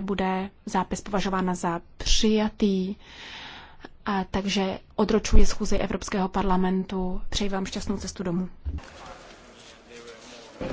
poté bude zápis považována za přijatý. A takže odročuji schůzi Evropského parlamentu. Přeji vám šťastnou cestu domů.